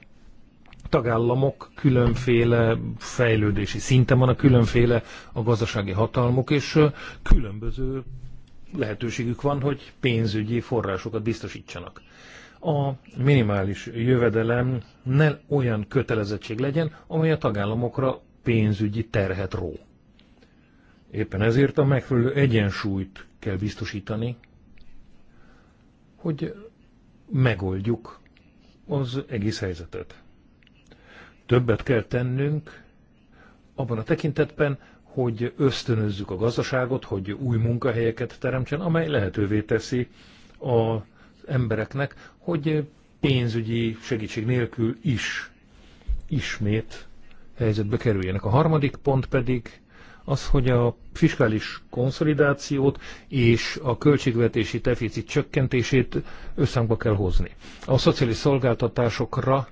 tagállamok különféle fejlődési szinten van, a különféle a gazdasági hatalmok, és különböző lehetőségük van, hogy pénzügyi forrásokat biztosítsanak. A minimális jövedelem ne olyan kötelezettség legyen, amely a tagállamokra pénzügyi terhet ró. Éppen ezért a megfelelő egyensúlyt kell biztosítani, hogy megoldjuk az egész helyzetet. Többet kell tennünk abban a tekintetben, hogy ösztönözzük a gazdaságot, hogy új munkahelyeket teremtsen, amely lehetővé teszi az embereknek, hogy pénzügyi segítség nélkül is ismét helyzetbe kerüljenek. A harmadik pont pedig az, hogy a fiskális konszolidációt és a költségvetési deficit csökkentését összhangba kell hozni. A szociális szolgáltatásokra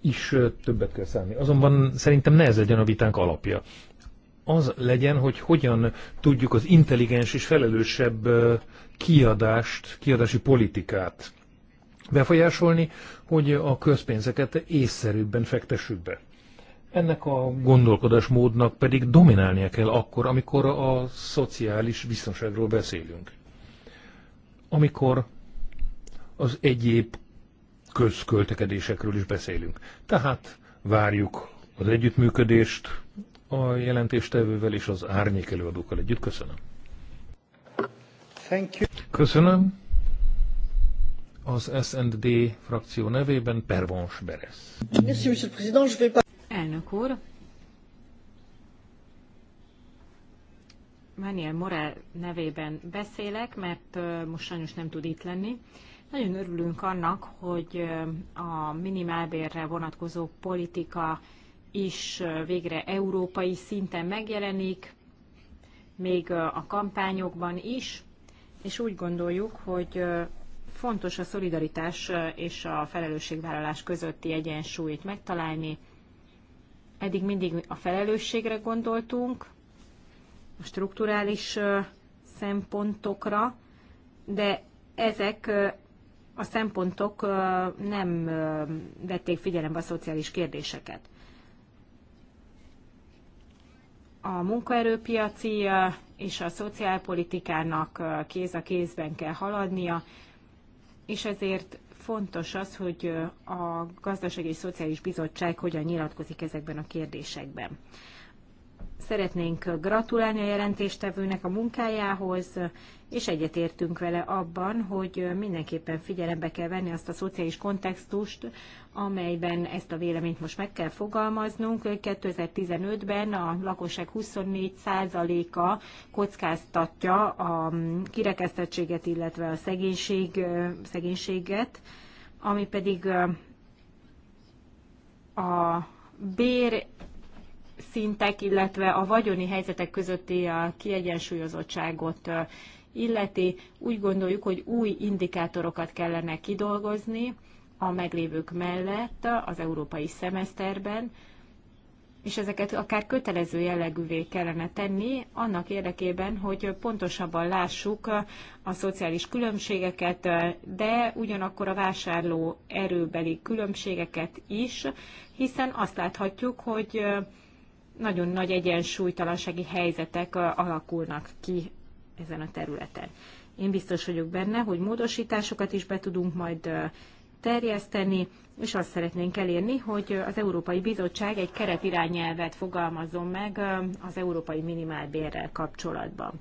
is többet kell szállni. Azonban szerintem ne ez legyen a vitánk alapja az legyen, hogy hogyan tudjuk az intelligens és felelősebb kiadást, kiadási politikát befolyásolni, hogy a közpénzeket észszerűbben fektessük be. Ennek a gondolkodásmódnak pedig dominálnia kell akkor, amikor a szociális biztonságról beszélünk. Amikor az egyéb közköltekedésekről is beszélünk. Tehát várjuk az együttműködést, a jelentéstevővel és az árnyék előadókkal együtt. Köszönöm. Thank you. Köszönöm. Az SND frakció nevében Pervons Beres. Elnök úr, Mániel Morel nevében beszélek, mert most sajnos nem tud itt lenni. Nagyon örülünk annak, hogy a minimálbérre vonatkozó politika is végre európai szinten megjelenik, még a kampányokban is, és úgy gondoljuk, hogy fontos a szolidaritás és a felelősségvállalás közötti egyensúlyt megtalálni. Eddig mindig a felelősségre gondoltunk, a strukturális szempontokra, de ezek a szempontok nem vették figyelembe a szociális kérdéseket a munkaerőpiaci és a szociálpolitikának kéz a kézben kell haladnia, és ezért fontos az, hogy a Gazdasági és Szociális Bizottság hogyan nyilatkozik ezekben a kérdésekben. Szeretnénk gratulálni a jelentéstevőnek a munkájához, és egyetértünk vele abban, hogy mindenképpen figyelembe kell venni azt a szociális kontextust, amelyben ezt a véleményt most meg kell fogalmaznunk. 2015-ben a lakosság 24%-a kockáztatja a kirekesztettséget, illetve a szegénység, szegénységet, ami pedig a bér szintek, illetve a vagyoni helyzetek közötti a kiegyensúlyozottságot illeti. Úgy gondoljuk, hogy új indikátorokat kellene kidolgozni a meglévők mellett az európai szemeszterben, és ezeket akár kötelező jellegűvé kellene tenni, annak érdekében, hogy pontosabban lássuk a szociális különbségeket, de ugyanakkor a vásárló erőbeli különbségeket is, hiszen azt láthatjuk, hogy nagyon nagy egyensúlytalansági helyzetek alakulnak ki ezen a területen. Én biztos vagyok benne, hogy módosításokat is be tudunk majd terjeszteni, és azt szeretnénk elérni, hogy az Európai Bizottság egy keretirányelvet fogalmazzon meg az európai minimálbérrel kapcsolatban.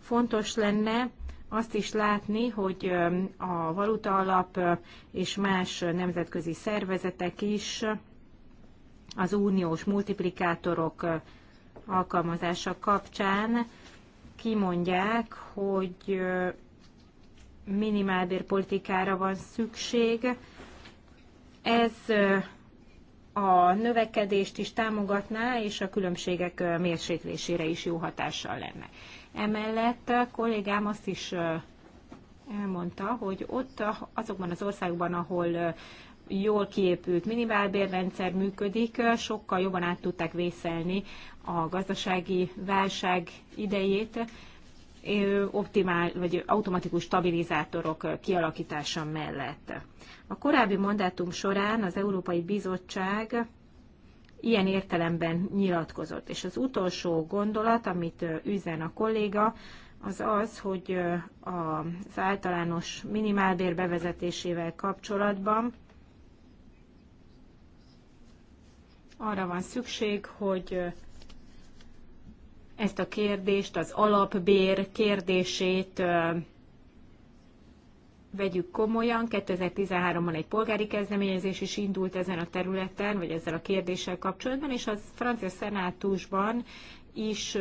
Fontos lenne azt is látni, hogy a valuta alap és más nemzetközi szervezetek is az uniós multiplikátorok alkalmazása kapcsán kimondják, hogy minimálbérpolitikára van szükség. Ez a növekedést is támogatná, és a különbségek mérséklésére is jó hatással lenne. Emellett a kollégám azt is elmondta, hogy ott azokban az országokban, ahol jól kiépült minimálbérrendszer működik, sokkal jobban át tudták vészelni a gazdasági válság idejét, optimál vagy automatikus stabilizátorok kialakítása mellett. A korábbi mandátum során az Európai Bizottság ilyen értelemben nyilatkozott. És az utolsó gondolat, amit üzen a kolléga, az az, hogy az általános minimálbér bevezetésével kapcsolatban arra van szükség, hogy ezt a kérdést, az alapbér kérdését vegyük komolyan. 2013-ban egy polgári kezdeményezés is indult ezen a területen, vagy ezzel a kérdéssel kapcsolatban, és az francia szenátusban is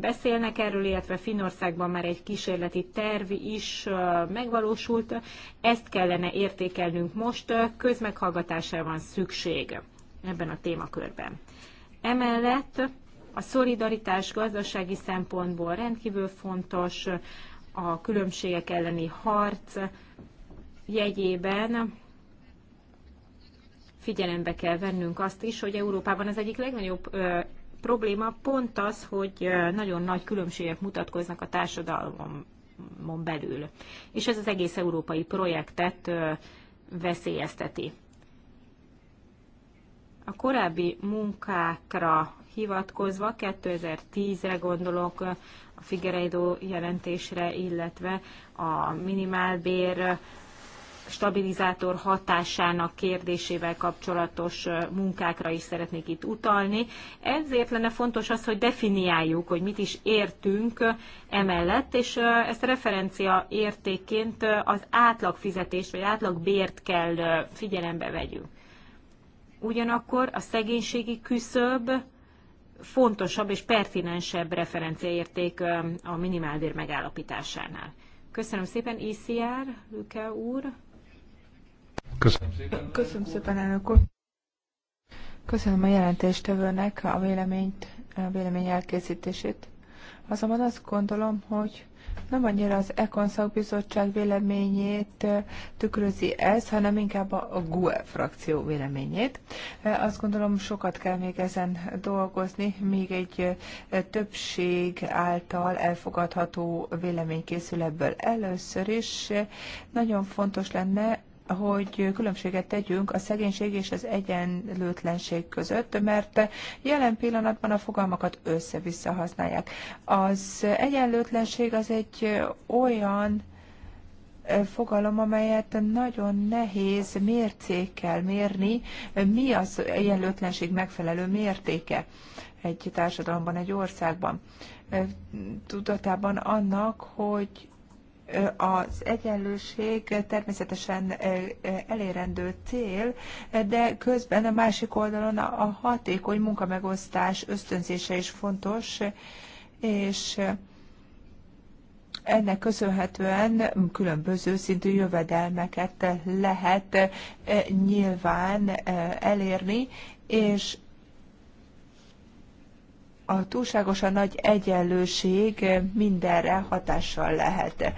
beszélnek erről, illetve Finnországban már egy kísérleti terv is megvalósult. Ezt kellene értékelnünk most, közmeghallgatásra van szükség ebben a témakörben. Emellett a szolidaritás gazdasági szempontból rendkívül fontos, a különbségek elleni harc jegyében figyelembe kell vennünk azt is, hogy Európában az egyik legnagyobb ö, probléma pont az, hogy nagyon nagy különbségek mutatkoznak a társadalmon belül. És ez az egész európai projektet ö, veszélyezteti. A korábbi munkákra hivatkozva, 2010-re gondolok, a Figueiredo jelentésre, illetve a minimálbér stabilizátor hatásának kérdésével kapcsolatos munkákra is szeretnék itt utalni. Ezért lenne fontos az, hogy definiáljuk, hogy mit is értünk emellett, és ezt a referencia értékként az átlagfizetést vagy átlagbért kell figyelembe vegyünk. Ugyanakkor a szegénységi küszöb fontosabb és pertinensebb referenciaérték a minimálbér megállapításánál. Köszönöm szépen, ICR, Lüke úr. Köszönöm szépen. Köszönöm szépen, elnök úr. Köszönöm a jelentéstevőnek a véleményt, a vélemény elkészítését. Azonban azt gondolom, hogy nem annyira az Econ szakbizottság véleményét tükrözi ez, hanem inkább a GUE frakció véleményét. Azt gondolom, sokat kell még ezen dolgozni, még egy többség által elfogadható vélemény készül ebből. Először is nagyon fontos lenne hogy különbséget tegyünk a szegénység és az egyenlőtlenség között, mert jelen pillanatban a fogalmakat össze-vissza használják. Az egyenlőtlenség az egy olyan fogalom, amelyet nagyon nehéz mércékkel mérni, mi az egyenlőtlenség megfelelő mértéke egy társadalomban, egy országban. Tudatában annak, hogy az egyenlőség természetesen e, e, elérendő cél, de közben a másik oldalon a hatékony munkamegosztás ösztönzése is fontos, és ennek köszönhetően különböző szintű jövedelmeket lehet e, nyilván elérni, és a túlságosan nagy egyenlőség mindenre hatással lehet.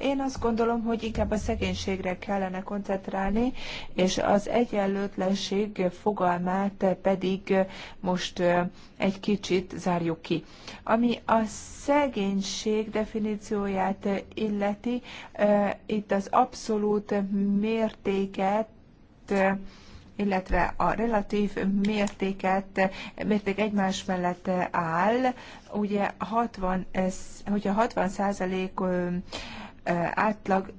Én azt gondolom, hogy inkább a szegénységre kellene koncentrálni, és az egyenlőtlenség fogalmát pedig most egy kicsit zárjuk ki. Ami a szegénység definícióját illeti, itt az abszolút mértéket illetve a relatív mértéket, mérték egymás mellett áll. Ugye 60, ez, hogyha 60 százalék átlag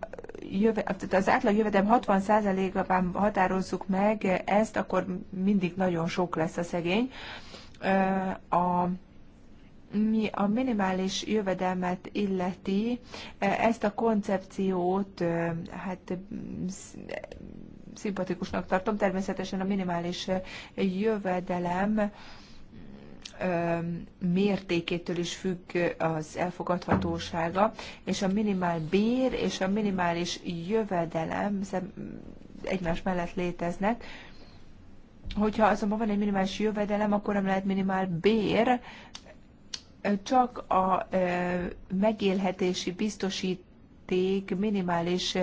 az átlag jövedelem 60%-ban határozzuk meg ezt, akkor mindig nagyon sok lesz a szegény. A, mi a minimális jövedelmet illeti, ezt a koncepciót hát szimpatikusnak tartom. Természetesen a minimális jövedelem mértékétől is függ az elfogadhatósága, és a minimál bér és a minimális jövedelem egymás mellett léteznek. Hogyha azonban van egy minimális jövedelem, akkor nem lehet minimál bér, csak a megélhetési biztosíték minimális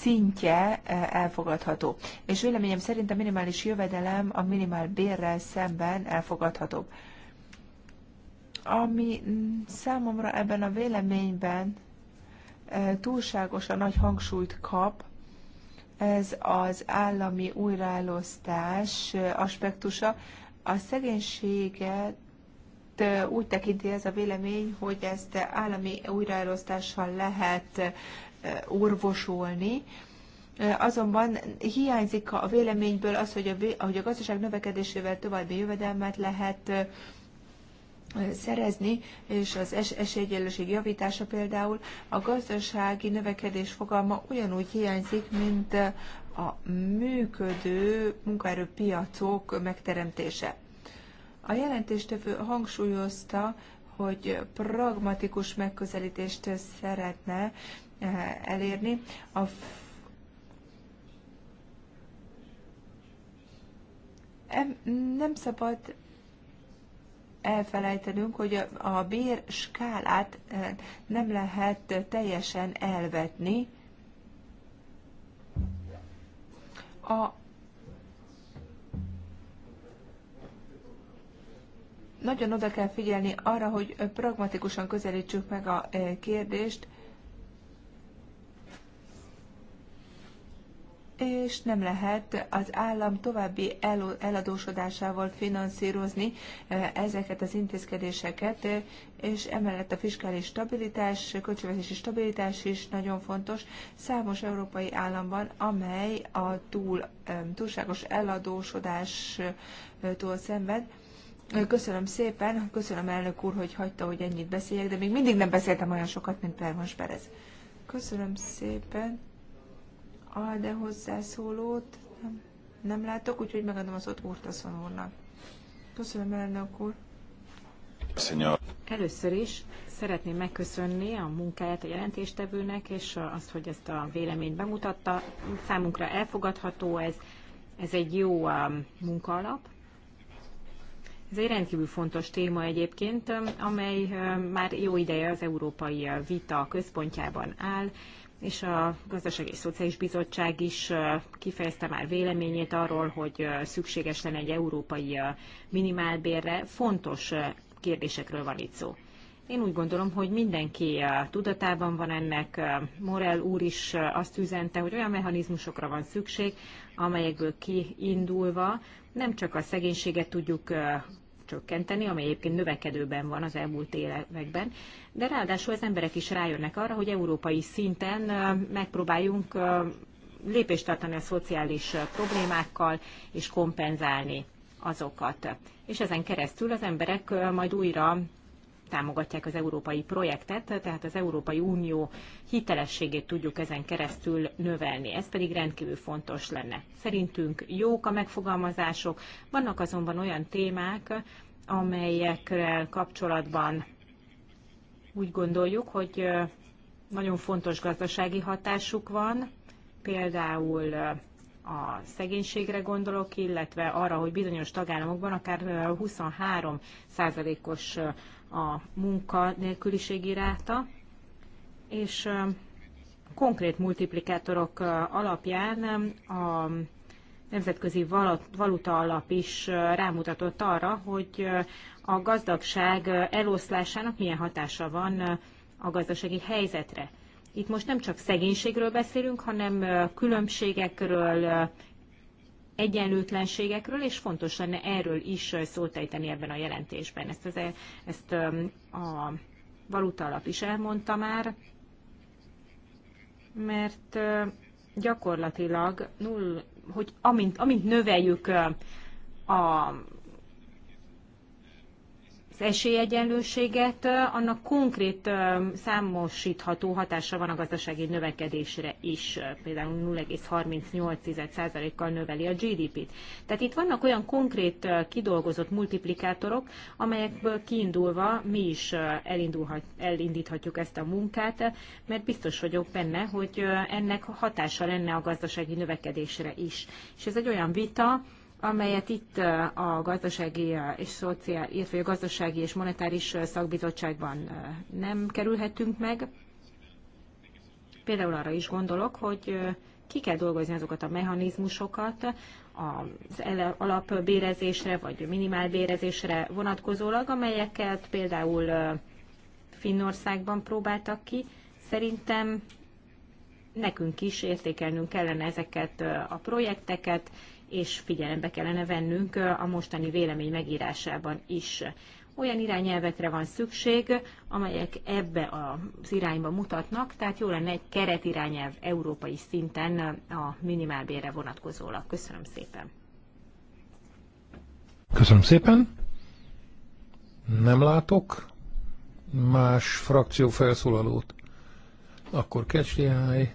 szintje e, elfogadható. És véleményem szerint a minimális jövedelem a minimál bérrel szemben elfogadhatóbb. Ami számomra ebben a véleményben e, túlságosan nagy hangsúlyt kap, ez az állami újraelosztás e, aspektusa. A szegénységet úgy tekinti ez a vélemény, hogy ezt állami újraelosztással lehet orvosolni, azonban hiányzik a véleményből az, hogy a, hogy a gazdaság növekedésével további jövedelmet lehet szerezni, és az es- esélyegyenlőség javítása például a gazdasági növekedés fogalma ugyanúgy hiányzik, mint a működő munkaerőpiacok megteremtése. A jelentéstevő hangsúlyozta, hogy pragmatikus megközelítést szeretne Eh, elérni. A nem szabad elfelejtenünk, hogy a bér skálát eh, nem lehet teljesen elvetni. A nagyon oda kell figyelni arra, hogy pragmatikusan közelítsük meg a eh, kérdést, és nem lehet az állam további eladósodásával finanszírozni ezeket az intézkedéseket, és emellett a fiskális stabilitás, költségvetési stabilitás is nagyon fontos számos európai államban, amely a túl, túlságos eladósodástól szenved. Köszönöm szépen, köszönöm elnök úr, hogy hagyta, hogy ennyit beszéljek, de még mindig nem beszéltem olyan sokat, mint Permas Perez. Köszönöm szépen. De hozzászólót nem, nem látok, úgyhogy megadom az ott Urtaszon úrnak. Köszönöm, elnök úr. Szenyor. Először is szeretném megköszönni a munkáját a jelentéstevőnek, és azt, hogy ezt a véleményt bemutatta. Számunkra elfogadható ez, ez egy jó um, munkaalap. Ez egy rendkívül fontos téma egyébként, um, amely um, már jó ideje az európai uh, vita központjában áll és a Gazdasági és Szociális Bizottság is kifejezte már véleményét arról, hogy szükséges lenne egy európai minimálbérre. Fontos kérdésekről van itt szó. Én úgy gondolom, hogy mindenki tudatában van ennek. Morel úr is azt üzente, hogy olyan mechanizmusokra van szükség, amelyekből kiindulva nem csak a szegénységet tudjuk csökkenteni, ami egyébként növekedőben van az elmúlt években, de ráadásul az emberek is rájönnek arra, hogy európai szinten megpróbáljunk lépést tartani a szociális problémákkal és kompenzálni azokat. És ezen keresztül az emberek majd újra támogatják az európai projektet, tehát az Európai Unió hitelességét tudjuk ezen keresztül növelni. Ez pedig rendkívül fontos lenne. Szerintünk jók a megfogalmazások, vannak azonban olyan témák, amelyekkel kapcsolatban úgy gondoljuk, hogy nagyon fontos gazdasági hatásuk van, például a szegénységre gondolok, illetve arra, hogy bizonyos tagállamokban akár 23 százalékos a munkanélküliségi ráta, és konkrét multiplikátorok alapján a nemzetközi valuta alap is rámutatott arra, hogy a gazdagság eloszlásának milyen hatása van a gazdasági helyzetre. Itt most nem csak szegénységről beszélünk, hanem különbségekről, egyenlőtlenségekről, és fontos lenne erről is szót ejteni ebben a jelentésben. Ezt, az, e, ezt a valuta alap is elmondta már, mert gyakorlatilag null, hogy amint, amint növeljük a esélyegyenlőséget, annak konkrét számosítható hatása van a gazdasági növekedésre is, például 0,38%-kal növeli a GDP-t. Tehát itt vannak olyan konkrét kidolgozott multiplikátorok, amelyekből kiindulva mi is elindulhat, elindíthatjuk ezt a munkát, mert biztos vagyok benne, hogy ennek hatása lenne a gazdasági növekedésre is. És ez egy olyan vita, amelyet itt a gazdasági és szociál, illetve a gazdasági és monetáris szakbizottságban nem kerülhetünk meg. Például arra is gondolok, hogy ki kell dolgozni azokat a mechanizmusokat az alapbérezésre vagy minimálbérezésre vonatkozólag, amelyeket például Finnországban próbáltak ki. Szerintem nekünk is értékelnünk kellene ezeket a projekteket, és figyelembe kellene vennünk a mostani vélemény megírásában is. Olyan irányelvekre van szükség, amelyek ebbe az irányba mutatnak, tehát jó lenne egy keretirányelv európai szinten a minimálbérre vonatkozólag. Köszönöm szépen! Köszönöm szépen! Nem látok más frakció felszólalót. Akkor kecsliáj!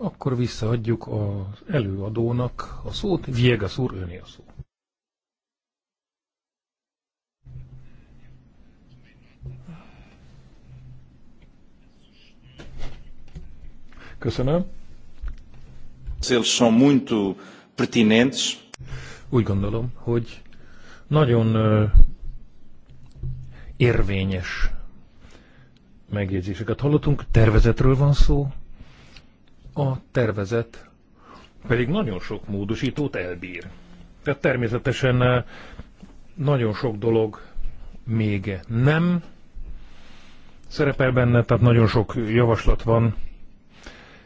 Akkor visszaadjuk az előadónak a szót. Viegas úr, öné a szó. Köszönöm. Eles são muito pertinentes. Úgy gondolom, hogy nagyon érvényes megjegyzéseket hallottunk. Tervezetről van szó, a tervezet pedig nagyon sok módosítót elbír. Tehát természetesen eh, nagyon sok dolog még nem szerepel benne, tehát nagyon sok javaslat van,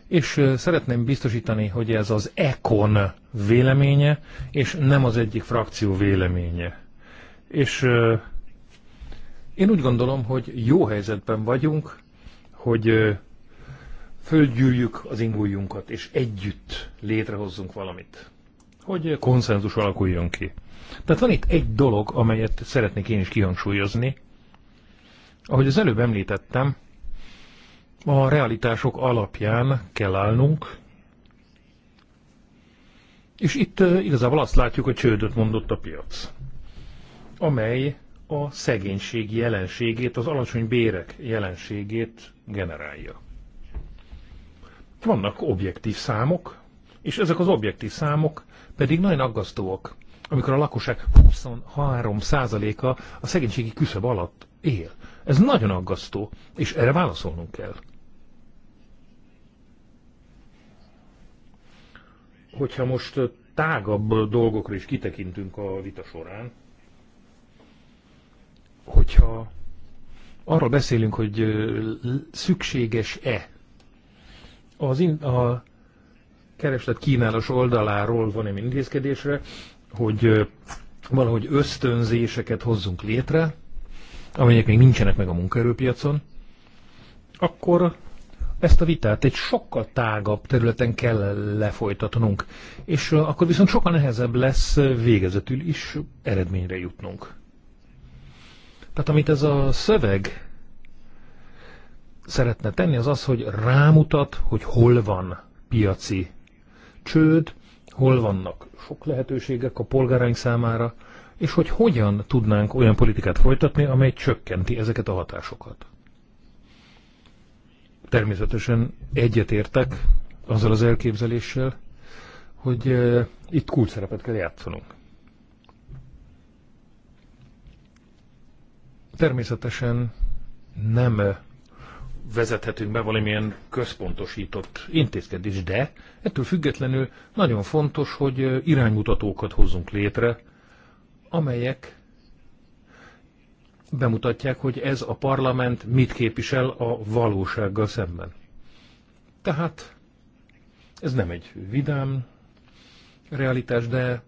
és eh, szeretném biztosítani, hogy ez az ECON véleménye, és nem az egyik frakció véleménye. És eh, én úgy gondolom, hogy jó helyzetben vagyunk, hogy fölgyűrjük az ingójunkat, és együtt létrehozzunk valamit. Hogy konszenzus alakuljon ki. Tehát van itt egy dolog, amelyet szeretnék én is kihangsúlyozni. Ahogy az előbb említettem, a realitások alapján kell állnunk, és itt igazából azt látjuk, hogy csődöt mondott a piac, amely a szegénység jelenségét, az alacsony bérek jelenségét generálja vannak objektív számok, és ezek az objektív számok pedig nagyon aggasztóak, amikor a lakosság 23%-a a szegénységi küszöb alatt él. Ez nagyon aggasztó, és erre válaszolnunk kell. Hogyha most tágabb dolgokra is kitekintünk a vita során, hogyha arról beszélünk, hogy szükséges-e az in, a kereslet kínálos oldaláról van egy intézkedésre, hogy valahogy ösztönzéseket hozzunk létre, amelyek még nincsenek meg a munkaerőpiacon, akkor ezt a vitát egy sokkal tágabb területen kell lefolytatnunk, és akkor viszont sokkal nehezebb lesz végezetül is eredményre jutnunk. Tehát amit ez a szöveg szeretne tenni, az az, hogy rámutat, hogy hol van piaci csőd, hol vannak sok lehetőségek a polgáraink számára, és hogy hogyan tudnánk olyan politikát folytatni, amely csökkenti ezeket a hatásokat. Természetesen egyetértek azzal az elképzeléssel, hogy uh, itt kulcs szerepet kell játszanunk. Természetesen nem eh, vezethetünk be valamilyen központosított intézkedés, de ettől függetlenül nagyon fontos, hogy iránymutatókat hozzunk létre, amelyek bemutatják, hogy ez a parlament mit képvisel a valósággal szemben. Tehát ez nem egy vidám realitás, de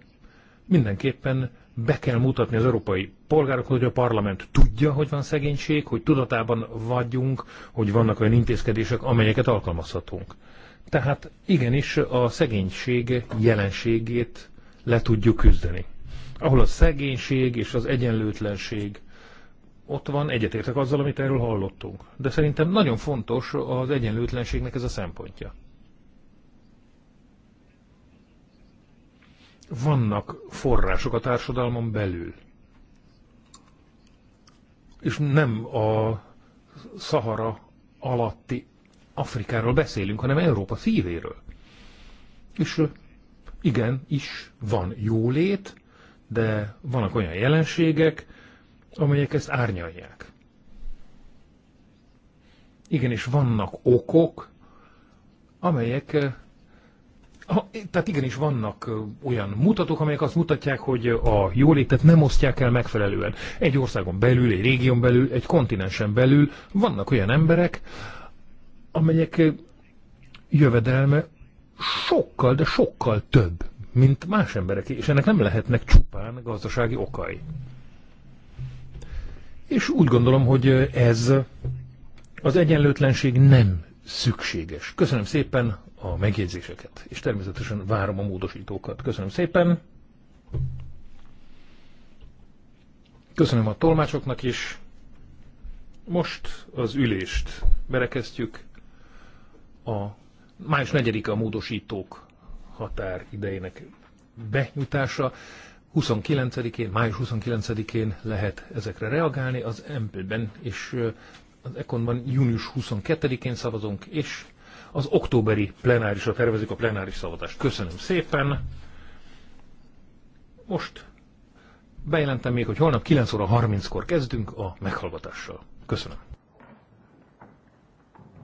mindenképpen be kell mutatni az európai polgároknak, hogy a parlament tudja, hogy van szegénység, hogy tudatában vagyunk, hogy vannak olyan intézkedések, amelyeket alkalmazhatunk. Tehát igenis a szegénység jelenségét le tudjuk küzdeni. Ahol a szegénység és az egyenlőtlenség ott van, egyetértek azzal, amit erről hallottunk. De szerintem nagyon fontos az egyenlőtlenségnek ez a szempontja. vannak források a társadalmon belül. És nem a Szahara alatti Afrikáról beszélünk, hanem Európa szívéről. És igen, is van jólét, de vannak olyan jelenségek, amelyek ezt árnyalják. Igen, és vannak okok, amelyek ha, tehát igenis vannak olyan mutatók, amelyek azt mutatják, hogy a jólétet nem osztják el megfelelően. Egy országon belül, egy régión belül, egy kontinensen belül vannak olyan emberek, amelyek jövedelme sokkal, de sokkal több, mint más emberek, és ennek nem lehetnek csupán gazdasági okai. És úgy gondolom, hogy ez az egyenlőtlenség nem szükséges. Köszönöm szépen a megjegyzéseket, és természetesen várom a módosítókat. Köszönöm szépen! Köszönöm a tolmácsoknak is. Most az ülést berekeztjük. A május 4 -a, módosítók határ idejének benyújtása. 29-én, május 29-én lehet ezekre reagálni az MP-ben, és az Ekonban június 22-én szavazunk, és az októberi plenárisra tervezik a plenáris szavazást. Köszönöm szépen. Most bejelentem még, hogy holnap 9 óra 30-kor kezdünk a meghallgatással. Köszönöm.